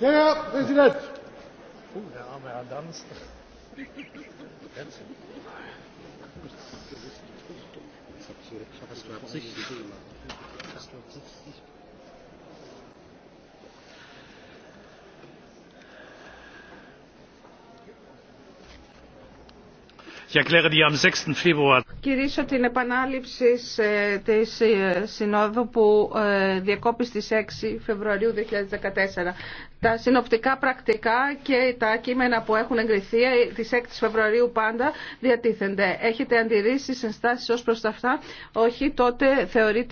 Herr Präsident! Uh, der arme Herr Danz. Κυρίσω την επανάληψη της ε, Συνόδου που ε, διακόπη στις 6 Φεβρουαρίου 2014. Τα συνοπτικά πρακτικά και τα κείμενα που έχουν εγκριθεί ε, τι 6 Φεβρουαρίου πάντα διατίθενται. Έχετε αντιρρήσει ενστάσεις ως προς τα αυτά. Όχι, τότε θεωρείται